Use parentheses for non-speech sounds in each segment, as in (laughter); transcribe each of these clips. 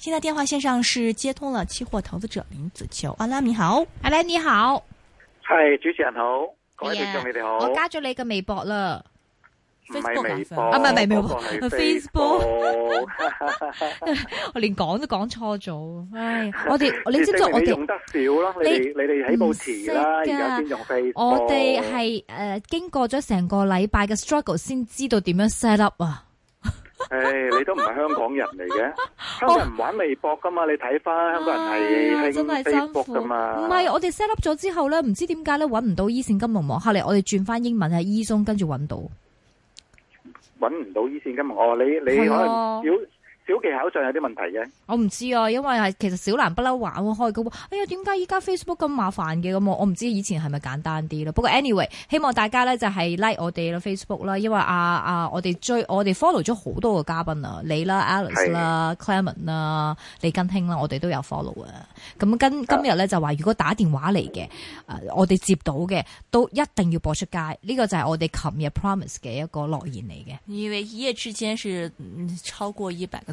現在電話線上是接通了期貨投資者林子球。阿拉你好，阿蘭你好，係主持人好，各位你好，我加咗你嘅微博啦，Facebook 啊，唔係唔係微博，Facebook，我連講都講錯咗，唉，我哋，你知道我哋，你哋唔識噶，我哋係誒經過咗成個禮拜嘅 struggle 先知道點樣 set up 啊。誒、 (laughs) 哎，你都唔係香港人嚟嘅，香港人唔玩微博噶嘛？你睇翻、啊、香港人係真係睇微博噶嘛？唔係、哎，我哋 set up 咗之後咧，唔知點解咧揾唔到伊線金融網。下嚟我哋轉翻英文喺伊中，跟住揾到，揾唔到伊線金融、哦、你你可能小技巧上有啲問題嘅，我唔知啊，因為係其實小蘭不嬲玩開嘅喎。哎呀，點解依家 Facebook 咁麻煩嘅咁？我唔知以前係咪簡單啲咯。不過 anyway，希望大家咧就係 like 我哋啦 Facebook 啦，因為啊啊，我哋追我哋 follow 咗好多個嘉賓啊，你啦 Alice 啦的 Clement 啦李根興啦，我哋都有 follow 啊。咁今今日咧就話如果打電話嚟嘅，我哋接到嘅都一定要播出街。呢、這個就係我哋琴日 promise 嘅一個諾言嚟嘅。因為一夜之間是超過一百個。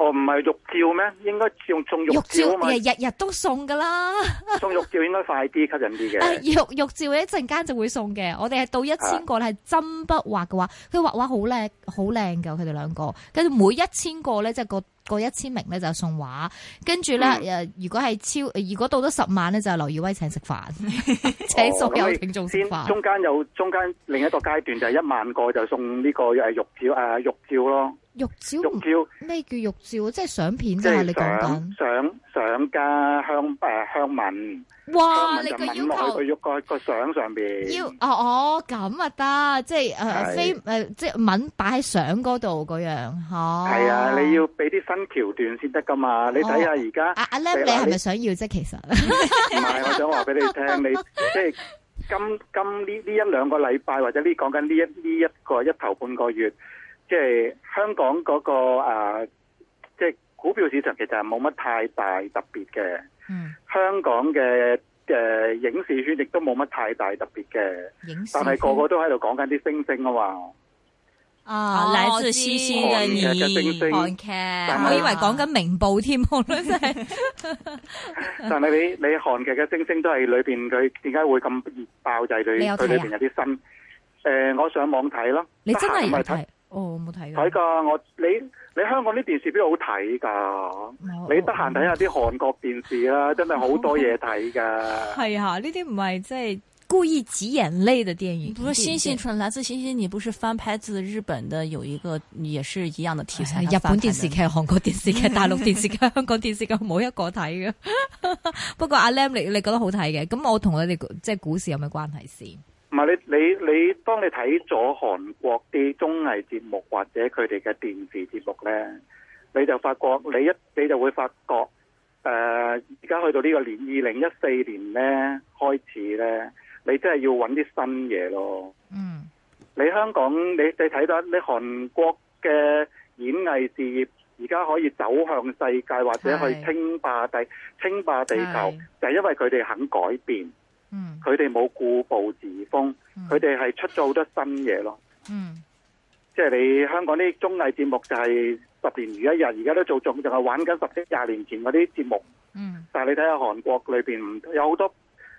哦，唔係玉照咩？應該用送玉照啊嘛，日日都送噶啦。送玉照應該快啲 (laughs) 吸引啲嘅。玉玉照一陣間就會送嘅。我哋係到一千個咧，係真筆畫嘅話，佢畫畫好靚，好靚㗎。佢哋兩個，跟住每一千個咧，即係個。過一千名咧就送畫，跟住咧誒，如果係超，如果到咗十萬咧就劉耀威請食飯，請所有聽眾先。中間有中間另一個階段就係一萬個就送呢個誒玉照誒玉照咯。玉照照咩叫玉照，即係相片啫，你講講。相相加香誒香吻。哇！你個要求喺個個相上邊。要哦哦咁啊得，即係誒飛誒即係吻擺喺相嗰度嗰樣。哦，係啊，你要俾啲新。橋段先得㗎嘛？你睇下而家，哦、阿林，你係咪想要啫？其實唔係，我想話俾你聽，你即係 (laughs) 今今呢呢一兩個禮拜，或者呢講緊呢一呢一個一頭半個月，即、就、係、是、香港嗰、那個即係、啊就是、股票市場其實冇乜太大特別嘅。嗯，香港嘅誒、呃、影視圈亦都冇乜太大特別嘅，影但係個個都喺度講緊啲星星啊嘛。啊！嚟自新鮮嘅韓劇，我以為講緊明報添，我真係。但係你你韓劇嘅星星都係裏邊，佢點解會咁熱爆，就係佢佢裏邊有啲新。誒、呃，我上網睇咯、哦，你真係唔係睇？哦，冇睇過睇噶，我你你香港啲電視邊好睇噶，你得閒睇下啲韓國電視啦，真係好多嘢睇噶。係啊，呢啲唔係即係。故意擠眼淚的電影，不過是對星星出對來自星星，你不是翻拍自日本的，有一個也是一樣的題材，哎，日本電視劇韓國電視劇 (laughs) 大陸電視劇香港電視劇冇 (laughs) 一個睇嘅。 (laughs) 不過阿 Lam 你你覺得好睇嘅，咁我同你哋即係股市有咩關係先？唔係你你你，當你睇咗韓國啲綜藝節目或者佢哋嘅電視節目咧，你就發覺你一你就會發覺誒，而家去到呢個年二零一四年咧開始咧。你真係要揾啲新嘢咯。嗯，你香港你你睇到你韓國嘅演藝事業而家可以走向世界，或者去稱霸地稱霸地球，就係因為佢哋肯改變。嗯，佢哋冇固步自封，佢哋係出咗好多新嘢咯。嗯，即係你香港啲綜藝節目就係十年如一日，而家都做仲就係玩緊十幾廿年前嗰啲節目。嗯，但係你睇下韓國裏邊有好多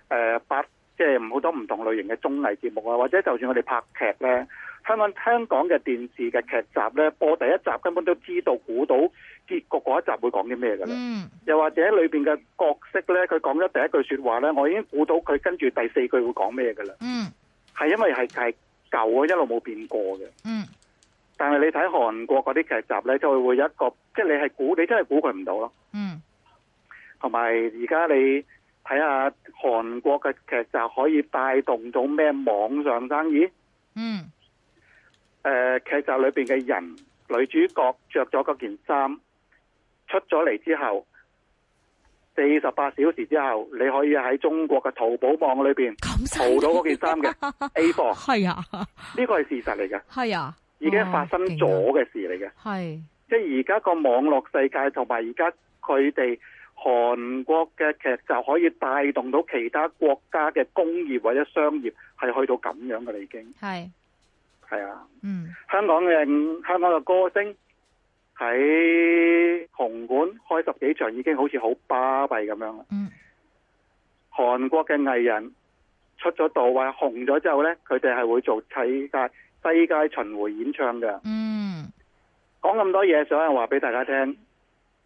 誒八。即係好多唔同類型嘅綜藝節目啊，或者就算我哋拍劇咧，香港香港嘅電視嘅劇集咧，播第一集根本都知道估到結局嗰一集會講啲咩㗎啦。嗯，又或者裏邊嘅角色咧，佢講咗第一句說話咧，我已經估到佢跟住第四句會講咩㗎啦。嗯，係因為係係舊嘅，一路冇變過嘅。嗯，但係你睇韓國嗰啲劇集咧，就會有一個，即係你係估，你真係估佢唔到咯。嗯，同埋而家你。睇下韓國嘅劇集可以帶動到咩網上生意？嗯，誒、呃，劇集裏邊嘅人，女主角着咗嗰件衫出咗嚟之後，四十八小時之後，你可以喺中國嘅淘寶網裏邊淘到嗰件衫嘅 (laughs) A 貨。係啊，呢個係事實嚟嘅。係啊，哦、已經發生咗嘅事嚟嘅。係是，即係而家個網絡世界同埋而家佢哋。韓國嘅劇就可以帶動到其他國家嘅工業或者商業，係去到咁樣嘅啦。是，已經係，係啊，嗯，香港嘅香港嘅歌星喺紅館開十幾場已經好似好巴閉咁樣啦，嗯，韓國嘅藝人出咗道或紅咗之後呢，佢哋係會做世界世界巡迴演唱嘅，嗯，講咁多嘢想話俾大家聽。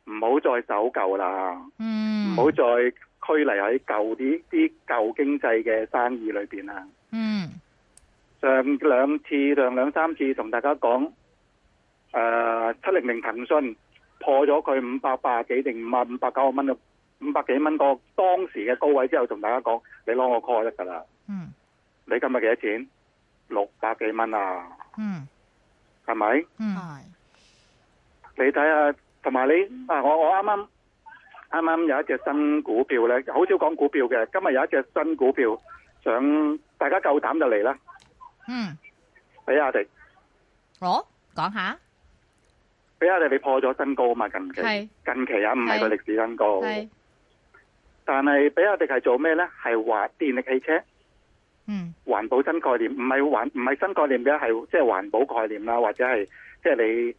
唔好再走舊啦，唔好、嗯、再拘泥喺舊啲啲舊經濟嘅生意裏邊啦。嗯，上兩次、上兩三次同大家講，誒、呃，七零零騰訊破咗佢五百八幾幾定五五百九十蚊啊，五百幾蚊個當時嘅高位之後，同大家講，你攞我 call 得噶啦。嗯，你今日幾多錢？六百幾蚊啊？嗯，係咪吧？嗯，你睇下。同埋你啊，我我啱啱啱啱有一隻新股票咧，好少講股票嘅。今日有一隻新股票，想大家夠膽就嚟啦。嗯，比亞迪，我講、哦、下，比亞迪你破咗新高啊嘛，近期係是近期啊，唔係個歷史新高。係，是但係比亞迪係做咩咧？係話電力汽車，嗯，環保新概念，唔係環，唔係新概念嘅，係即係環保概念啦，或者係即係你。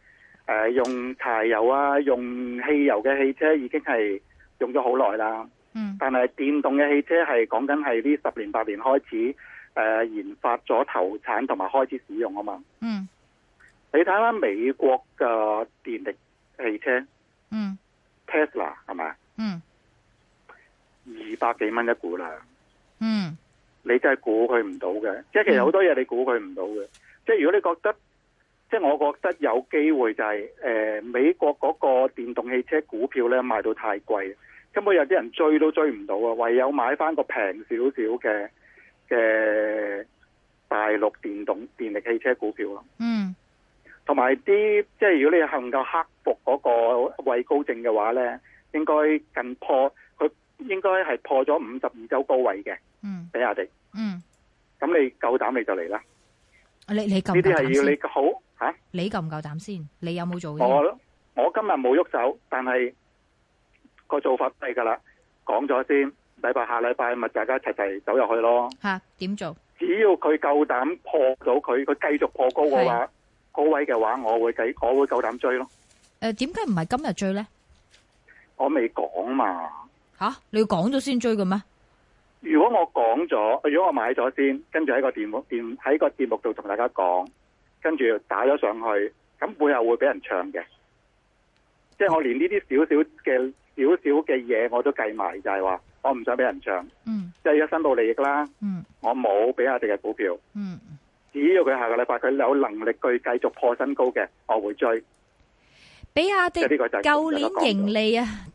誒、呃，用柴油啊，用汽油嘅汽車已經係用咗好耐啦。嗯。但係電動嘅汽車係講緊係呢十年八年開始誒、呃、研發咗投產同埋開始使用啊嘛。嗯。你睇下美國嘅電力汽車。嗯。Tesla 係咪啊？嗯。二百幾蚊一股啦。嗯。你真係估佢唔到嘅、嗯，即係其實好多嘢你估佢唔到嘅，即係如果你覺得。即係我覺得有機會就係、是、誒、呃、美國嗰個電動汽車股票咧賣到太貴，根本有啲人追都追唔到啊，唯有買翻個平少少嘅嘅大陸電動電力汽車股票咯。嗯，同埋啲即係如果你能夠克服嗰個位高症嘅話咧，應該近破佢應該係破咗五十二周高位嘅。嗯，比亞迪。嗯，咁你夠膽你就嚟啦。你你夠膽先。呢啲係要你好。吓！啊、你夠唔夠膽先？你有冇做？我我今日冇喐手，但係個做法係噶啦，講咗先。禮拜下禮拜咪大家齊齊走入去咯。吓、啊？點做？只要佢夠膽破到佢，佢繼續破高嘅話，高的位嘅話，我會計，我會夠膽追咯。誒、啊，點解唔係今日追咧？我未講嘛。吓、啊？你要講咗先追嘅咩？如果我講咗，如果我買咗先，跟住喺個電目電喺個節目度同大家講。跟住打咗上去，咁背後會俾人唱嘅，即係我連呢啲少少嘅少少嘅嘢，我都計埋，就係話我唔想俾人唱。嗯，即係要申報利益啦。嗯，我冇比亞迪嘅股票。嗯，只要佢下個禮拜佢有能力去繼續破新高嘅，我會追。比亞迪。即係舊年盈利啊。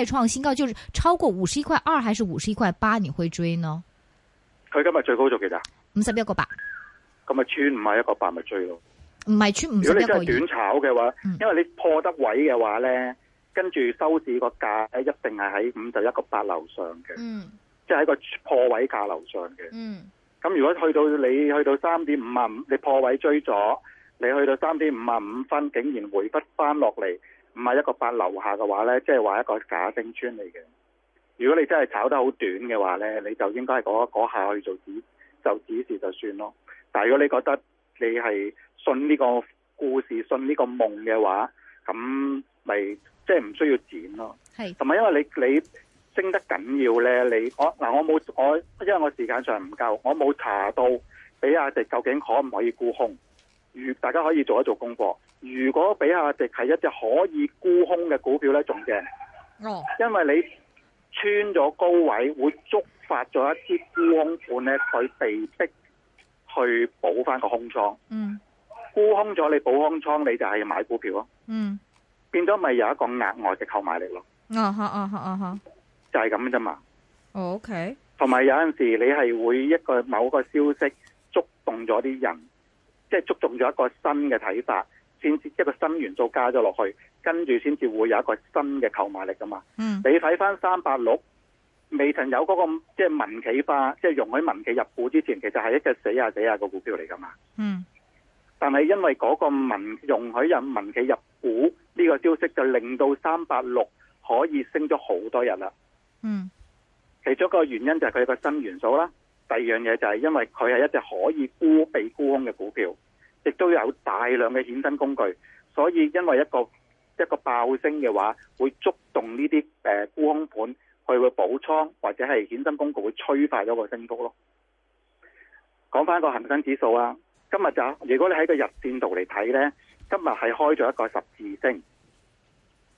再創新高，就是超過五十一塊二，還是五十一塊八？你會追呢？佢今日最高做幾多？五十一個八。咁咪穿五十一個八咪追咯？唔係穿五。如果你真係短炒嘅話，嗯、因為你破得位嘅話咧，跟住收市個價一定係喺五十一個八樓上嘅，嗯，即係喺個破位價樓上嘅，嗯。咁如果去到你去到三點五啊五，你破位追咗，你去到三點五啊五分，竟然回唔翻落嚟。唔係一個八樓下嘅話呢，即係話一個假升穿嚟嘅。如果你真係炒得好短嘅話呢，你就應該係嗰下去做指，就指示就算咯。但係如果你覺得你係信呢個故事、信呢個夢嘅話，咁咪即係唔需要剪咯。係，同埋，因為你你升得緊要呢，你我嗱我冇我因為我時間上唔夠，我冇查到比亞迪究竟可唔可以沽空，如大家可以做一做功課。如果比亞迪係一隻可以沽空嘅股票呢，仲正，因為你穿咗高位，會觸發咗一啲沽空盤呢，佢被迫去補翻個空倉，嗯，mm. 沽空咗你補空倉，你就係買股票咯，嗯，mm. 變咗咪有一個額外嘅購買力咯，哦、uh，吓、huh. uh，哦、huh.，吓，就係咁啫嘛，OK，同埋有陣時你係會一個某個消息觸動咗啲人，即係觸動咗一個新嘅睇法。先至一個新元素加咗落去，跟住先至會有一個新嘅購買力噶嘛。嗯，你睇翻三八六，未曾有嗰個即係民企化，即係容許民企入股之前，其實係一隻死下死下嘅股票嚟噶嘛。嗯，但係因為嗰個民容許人民企入股呢個消息，就令到三八六可以升咗好多日啦。嗯，其中一個原因就係佢個新元素啦，第二樣嘢就係因為佢係一隻可以沽比沽空嘅股票。亦都有大量嘅衍生工具，所以因為一個一個爆升嘅話，會觸動呢啲沽空盤去會補倉，或者係衍生工具會催化咗個升幅咯。講翻個恒生指數啊，今日就如果你喺個日線圖嚟睇咧，今日係開咗一個十字星，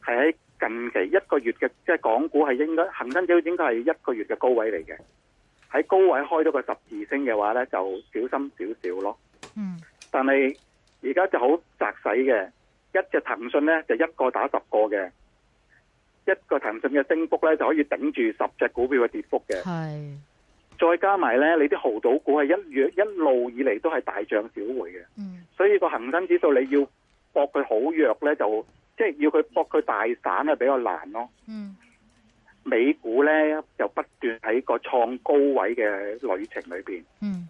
係喺近期一個月嘅，即係港股係應該恒生指應該係一個月嘅高位嚟嘅，喺高位開咗個十字星嘅話咧，就小心少少咯。嗯。但係而家就好窄使嘅，一隻騰訊咧就一個打十個嘅，一個騰訊嘅升幅咧就可以頂住十隻股票嘅跌幅嘅。係是，再加埋咧，你啲豪賭股係一月一路以嚟都係大漲小回嘅。嗯，所以個恒生指數你要搏佢好弱咧，就即係、就是、要佢搏佢大散咧比較難咯。嗯，美股咧就不斷喺個創高位嘅旅程裏邊。嗯。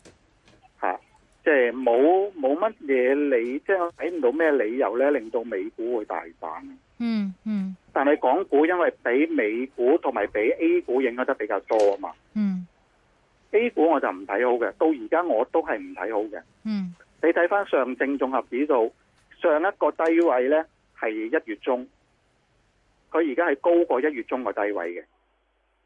即係冇冇乜嘢理，即係睇唔到咩理由咧，令到美股會大反。嗯嗯，但係港股因為比美股同埋比 A 股影響得比較多啊嘛。嗯，A 股我就唔睇好嘅，到而家我都係唔睇好嘅。嗯，你睇翻上證綜合指數上一個低位咧係一月中，佢而家係高過一月中個低位嘅。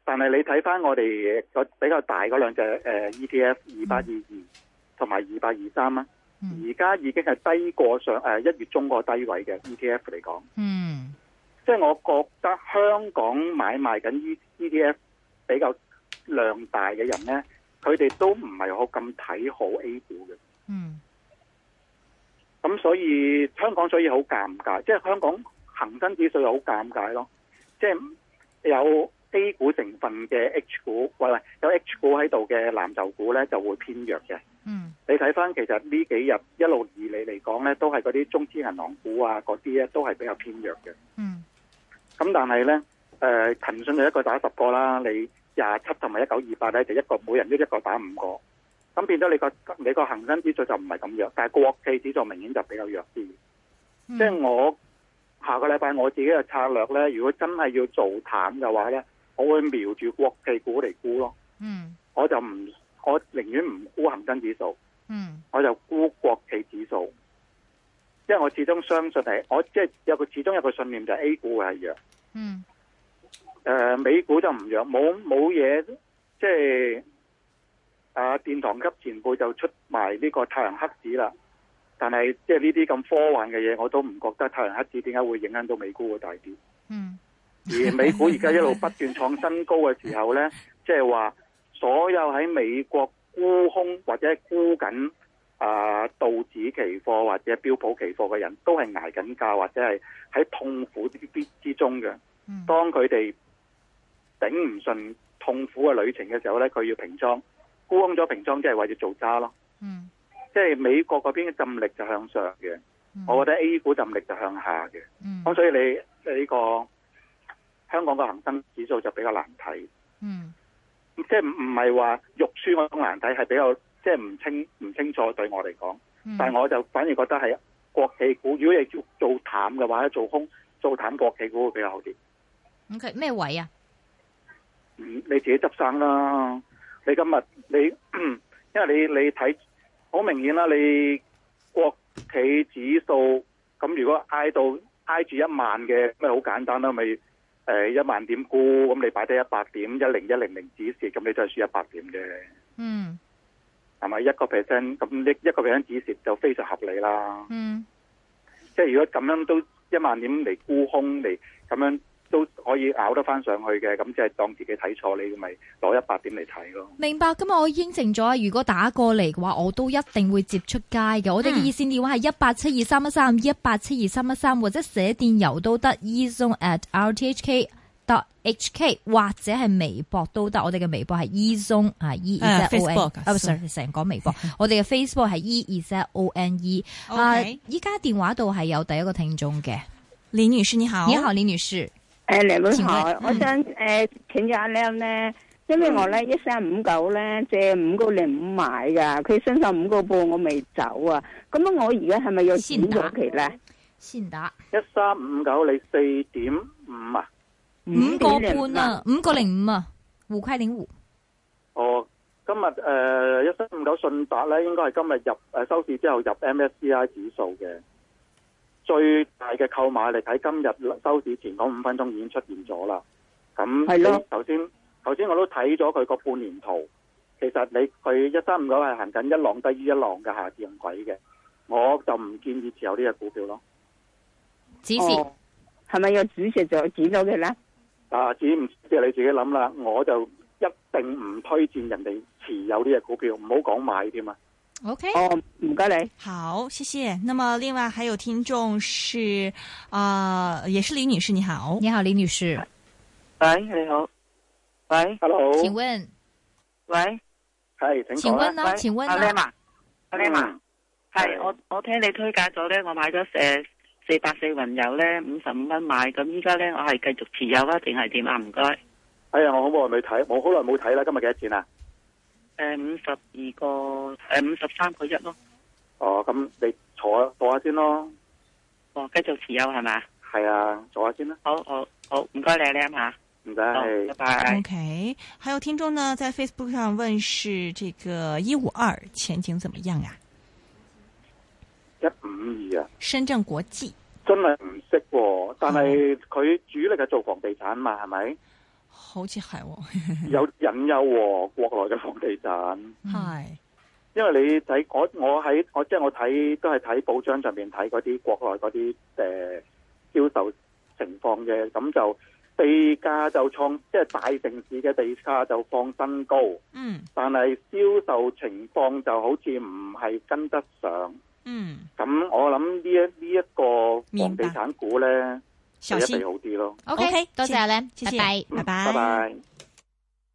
但係你睇翻我哋比較大嗰兩隻誒 ETF 二八二二。同埋二百二三啦，而家、啊、已經係低過上誒一月中個低位嘅 ETF 嚟講，嗯，即係我覺得香港買賣緊 ETF 比較量大嘅人呢，佢哋都唔係好咁睇好 A 股嘅，嗯，咁所以香港所以好尷尬，即係香港恒生指數又好尷尬咯，即係有。A 股成分嘅 H 股，喂喂，有 H 股喺度嘅藍籌股咧，就會偏弱嘅。嗯，你睇翻其實呢幾日一路以嚟嚟講咧，都係嗰啲中資銀行股啊，嗰啲咧都係比較偏弱嘅。嗯，咁但係咧，誒，騰訊就一個打十個啦，你廿七同埋一九二八咧，就一個每人都一個打五個，咁變咗你個你個恒生指數就唔係咁弱，但係國企指數明顯就比較弱啲。即係、嗯、我下個禮拜我自己嘅策略咧，如果真係要做淡嘅話咧。我會瞄住國企股嚟估咯，我就唔，我寧願唔估恒生指數，我就估國企指數，因為我始終相信係，我即係有個始終有個信念就係 A 股會係弱，誒，美股就唔弱，冇冇嘢，即係啊殿堂級前輩就出埋呢個太陽黑子啦，但係即係呢啲咁科幻嘅嘢，我都唔覺得太陽黑子點解會影響到美股會大跌。嗯而美股而家一路不斷創新高嘅時候咧，即係話所有喺美國沽空或者沽緊啊道指期貨或者標普期貨嘅人都係挨緊價或者係喺痛苦啲之中嘅。當佢哋頂唔順痛苦嘅旅程嘅時候咧，佢要平倉沽空咗，平倉即係為咗做渣咯。即係美國嗰邊嘅浸力就向上嘅，我覺得 A 股浸力就向下嘅。咁所以你即係呢個。香港個恒生指數就比較難睇，嗯，即係唔係話肉酸嗰種難睇，係比較即係唔清唔清楚對我嚟講，嗯、但係我就反而覺得係國企股，如果你做淡嘅話咧，做空做淡國企股會比較好啲。咁佢咩位啊、嗯，你自己執生啦。你今日你，因為你你睇好明顯啦，你國企指數咁，如果挨到挨住一萬嘅，咁咪好簡單啦，咪、就是。誒、欸，一萬點沽，咁你擺低一百點，一零一零零止蝕，咁你就輸一百點嘅。嗯，係咪一個 percent？咁一一個 percent 止蝕就非常合理啦。嗯，即係如果咁樣都一萬點嚟沽空你咁樣。都可以咬得翻上去嘅，咁即係當自己睇錯你，咪攞一百點嚟睇咯。明白，咁我應承咗，如果打過嚟嘅話，我都一定會接出街嘅。我哋嘅熱線電話係一八七二三一三一八七二三一三，或者寫電郵都得，ezone at rthk dot hk，或者係微博都得。我哋嘅微博係 ezone 啊 ezone one。啊，唔好意思，成日講微博。我哋嘅 Facebook 係 ezone one。OK。依家電話度係有第一個聽眾嘅，李女士你好。你好，李女士。誒，靚女好，我想誒，請咗阿靚咧，嗯、因為我咧一三五九咧借五個零五買噶，佢身上五個半我未走啊，咁啊我而家係咪要呢先種期咧？先打？一三五九你四點五啊？五個半啊，五個零五啊，五塊零五。哦，今日誒一三五九信達咧，應該係今日入誒收市之後入 MSCI 指數嘅。最大嘅購買力喺今日收市前嗰五分鐘已經出現咗啦。咁頭先頭先我都睇咗佢個半年圖，其實你佢一三五九係行緊一浪低於一浪嘅下跌陰軌嘅，我就唔建議持有呢隻股票咯。止蝕。止蝕係咪有止蝕就呢止咗佢咧？啊，止唔即係你自己諗啦。我就一定唔推薦人哋持有呢隻股票，唔好講買添啊！OK，唔該你，好，謝謝。那麼另外還有聽眾是，啊、呃，也是李女士，你好，你好，李女士，喂、哎，你好，喂、哎、，hello，嘍請問，喂，係、哎，請講啦，請問呢喂，阿 Lam 啊，阿 Lam，係，我我聽你推介咗咧，我買咗四四百四雲油咧，五十五蚊買，咁依家咧我係繼續持有啊，定係點啊？唔該，哎呀，我好耐冇睇，我好耐冇睇啦，今日幾多錢啊？誒，五十二個誒，五十三個一咯。哦，咁你坐坐下先咯。哦，繼續持有係咪？係啊，坐下先啦。好好好，唔該你你啊，唔該係，拜拜。OK，還有聽眾呢，在 Facebook 上問是這個一五二前景怎麼樣啊？一五二啊，深圳國際真係唔識、哦，但係佢主力係做房地產嘛，係咪、哦？是好似係、哦、 (laughs) 有隱憂、哦、國內嘅房地產，係是，因為你睇我喺我即係我睇、就是、都係睇報章上面睇嗰啲國內嗰啲誒銷售情況嘅。咁就地價就創即係大城市嘅地價就放新高，嗯，但係銷售情況就好似唔係跟得上，嗯，咁我諗呢一呢一個房地產股咧。比比好啲咯。OK，okay 多謝阿 Len，謝謝拜拜，謝謝拜拜。拜拜。